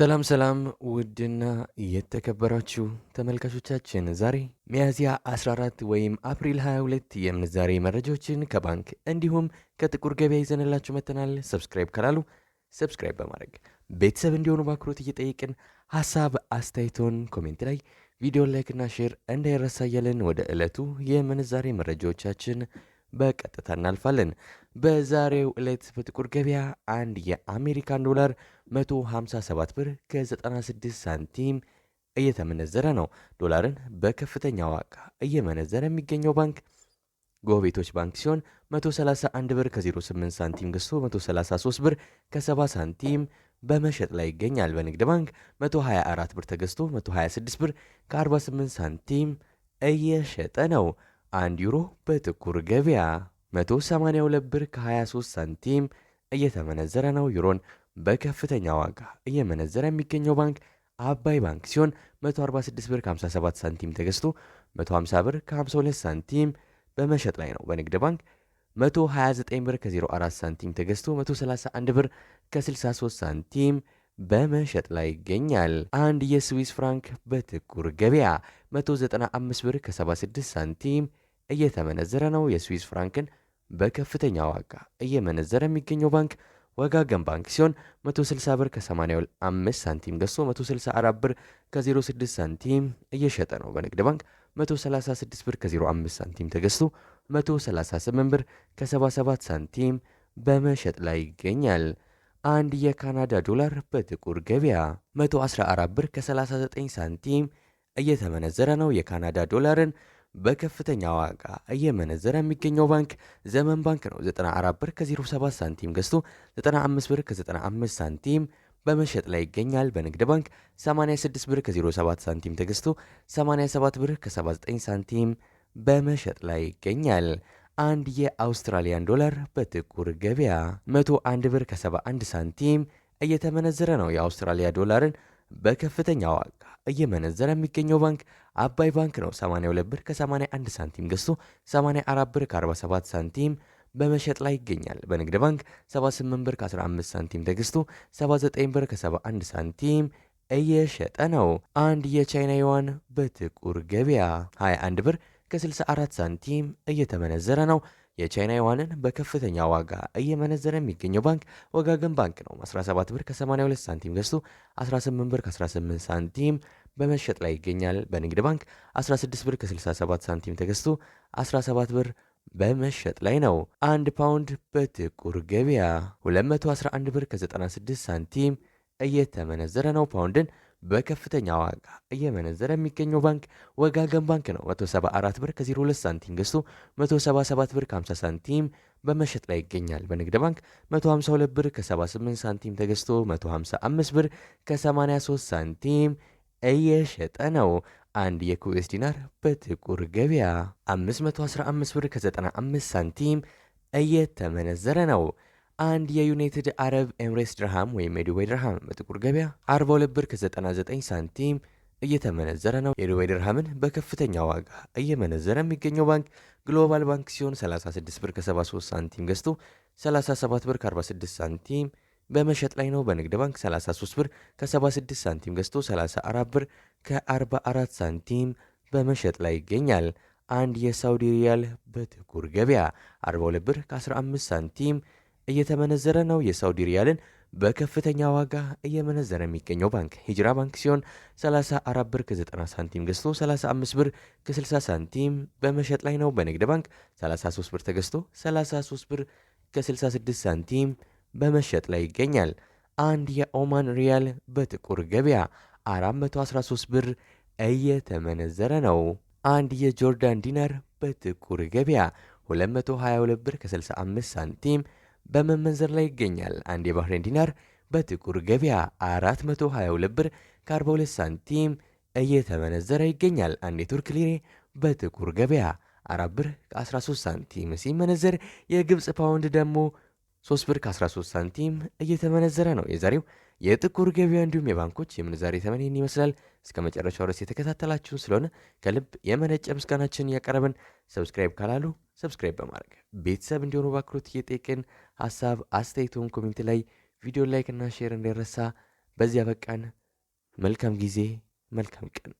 ሰላም ሰላም ውድና የተከበራችሁ ተመልካቾቻችን ዛሬ ሚያዝያ 14 ወይም አፕሪል 22 የምንዛሬ መረጃዎችን ከባንክ እንዲሁም ከጥቁር ገበያ ይዘንላችሁ መጥተናል። ሰብስክራይብ ካላሉ ሰብስክራይብ በማድረግ ቤተሰብ እንዲሆኑ በአክብሮት እየጠየቅን ሀሳብ አስተያየቶን ኮሜንት ላይ ቪዲዮ ላይክና ሼር እንዳይረሳ እያልን ወደ ዕለቱ የምንዛሬ መረጃዎቻችን በቀጥታ እናልፋለን። በዛሬው ዕለት በጥቁር ገበያ አንድ የአሜሪካን ዶላር 157 ብር ከ96 ሳንቲም እየተመነዘረ ነው። ዶላርን በከፍተኛ ዋጋ እየመነዘረ የሚገኘው ባንክ ጎቤቶች ቤቶች ባንክ ሲሆን 131 ብር ከ08 ሳንቲም ገዝቶ 133 ብር ከ70 ሳንቲም በመሸጥ ላይ ይገኛል። በንግድ ባንክ 124 ብር ተገዝቶ 126 ብር ከ48 ሳንቲም እየሸጠ ነው። አንድ ዩሮ በጥቁር ገበያ 182 ብር ከ23 ሳንቲም እየተመነዘረ ነው። ዩሮን በከፍተኛ ዋጋ እየመነዘረ የሚገኘው ባንክ አባይ ባንክ ሲሆን 146 ብር ከ57 ሳንቲም ተገዝቶ 150 ብር ከ52 ሳንቲም በመሸጥ ላይ ነው። በንግድ ባንክ 129 ብር ከ04 ሳንቲም ተገዝቶ 131 ብር ከ63 ሳንቲም በመሸጥ ላይ ይገኛል። አንድ የስዊስ ፍራንክ በጥቁር ገበያ 195 ብር ከ76 ሳንቲም እየተመነዘረ ነው። የስዊስ ፍራንክን በከፍተኛ ዋጋ እየመነዘረ የሚገኘው ባንክ ወጋገን ባንክ ሲሆን 160 ብር ከ85 ሳንቲም ገዝቶ 164 ብር ከ06 ሳንቲም እየሸጠ ነው። በንግድ ባንክ 136 ብር ከ05 ሳንቲም ተገዝቶ 138 ብር ከ77 ሳንቲም በመሸጥ ላይ ይገኛል። አንድ የካናዳ ዶላር በጥቁር ገበያ 114 ብር ከ39 ሳንቲም እየተመነዘረ ነው። የካናዳ ዶላርን በከፍተኛ ዋጋ እየመነዘረ የሚገኘው ባንክ ዘመን ባንክ ነው። 94 ብር ከ07 ሳንቲም ገዝቶ 95 ብር ከ95 ሳንቲም በመሸጥ ላይ ይገኛል። በንግድ ባንክ 86 ብር ከ07 ሳንቲም ተገዝቶ 87 ብር ከ79 ሳንቲም በመሸጥ ላይ ይገኛል። አንድ የአውስትራሊያን ዶላር በጥቁር ገበያ 101 ብር ከ71 ሳንቲም እየተመነዘረ ነው። የአውስትራሊያ ዶላርን በከፍተኛ ዋጋ እየመነዘረ የሚገኘው ባንክ አባይ ባንክ ነው 82 ብር ከ81 ሳንቲም ገዝቶ 84 ብር ከ47 ሳንቲም በመሸጥ ላይ ይገኛል። በንግድ ባንክ 78 ብር ከ15 ሳንቲም ተገዝቶ 79 ብር ከ71 ሳንቲም እየሸጠ ነው። አንድ የቻይና ዩዋን በጥቁር ገበያ 21 ብር ከ64 ሳንቲም እየተመነዘረ ነው። የቻይና ዩዋንን በከፍተኛ ዋጋ እየመነዘረ የሚገኘው ባንክ ወጋገን ባንክ ነው። 17 ብር ከ82 ሳንቲም ገዝቶ 18 ብር ከ18 ሳንቲም በመሸጥ ላይ ይገኛል። በንግድ ባንክ 16 ብር ከ67 ሳንቲም ተገዝቶ 17 ብር በመሸጥ ላይ ነው። አንድ ፓውንድ በጥቁር ገበያ 211 ብር ከ96 ሳንቲም እየተመነዘረ ነው። ፓውንድን በከፍተኛ ዋጋ እየመነዘረ የሚገኘው ባንክ ወጋገን ባንክ ነው። 174 ብር ከ02 ሳንቲም ገዝቶ 177 ብር ከ50 ሳንቲም በመሸጥ ላይ ይገኛል። በንግድ ባንክ 152 ብር ከ78 ሳንቲም ተገዝቶ 155 ብር ከ83 ሳንቲም እየሸጠ ነው። አንድ የኩዌስ ዲናር በጥቁር ገበያ 515 ብር ከ95 ሳንቲም እየተመነዘረ ነው። አንድ የዩናይትድ አረብ ኤምሬስ ድርሃም ወይም የዱባይ ድርሃም በጥቁር ገበያ 42 ብር ከ99 ሳንቲም እየተመነዘረ ነው። የዱባይ ድርሃምን በከፍተኛ ዋጋ እየመነዘረ የሚገኘው ባንክ ግሎባል ባንክ ሲሆን 36 ብር ከ73 ሳንቲም ገዝቶ 37 ብር ከ46 ሳንቲም በመሸጥ ላይ ነው። በንግድ ባንክ 33 ብር ከ76 ሳንቲም ገዝቶ 34 ብር ከ44 ሳንቲም በመሸጥ ላይ ይገኛል። አንድ የሳውዲ ሪያል በጥቁር ገበያ 42 ብር ከ15 ሳንቲም እየተመነዘረ ነው። የሳውዲ ሪያልን በከፍተኛ ዋጋ እየመነዘረ የሚገኘው ባንክ ሂጅራ ባንክ ሲሆን 34 ብር ከ90 ሳንቲም ገዝቶ 35 ብር ከ60 ሳንቲም በመሸጥ ላይ ነው። በንግድ ባንክ 33 ብር ተገዝቶ 33 ብር ከ66 ሳንቲም በመሸጥ ላይ ይገኛል። አንድ የኦማን ሪያል በጥቁር ገበያ 413 ብር እየተመነዘረ ነው። አንድ የጆርዳን ዲናር በጥቁር ገበያ 222 ብር ከ65 ሳንቲም በመመንዘር ላይ ይገኛል። አንድ የባህሬን ዲናር በጥቁር ገበያ 422 ብር ከ42 ሳንቲም እየተመነዘረ ይገኛል። አንድ የቱርክ ሊሬ በጥቁር ገበያ 4 ብር ከ13 ሳንቲም ሲመነዘር የግብፅ ፓውንድ ደግሞ 3 ብር ከ13 ሳንቲም እየተመነዘረ ነው። የዛሬው የጥቁር ገበያ እንዲሁም የባንኮች የምንዛሬ ተመን ይህን ይመስላል። እስከ መጨረሻው ድረስ የተከታተላችሁን ስለሆነ ከልብ የመነጨ ምስጋናችን እያቀረብን ሰብስክራይብ ካላሉ ሰብስክራይብ በማድረግ ቤተሰብ እንዲሆኑ በአክብሮት እየጠየቅን ሀሳብ አስተያየቶን ኮሜንት ላይ ቪዲዮ ላይክና ሼር እንዳይረሳ። በዚያ በቃን። መልካም ጊዜ፣ መልካም ቀን